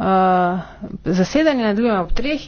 Eh, zasedanje nadaljujemo ob treh.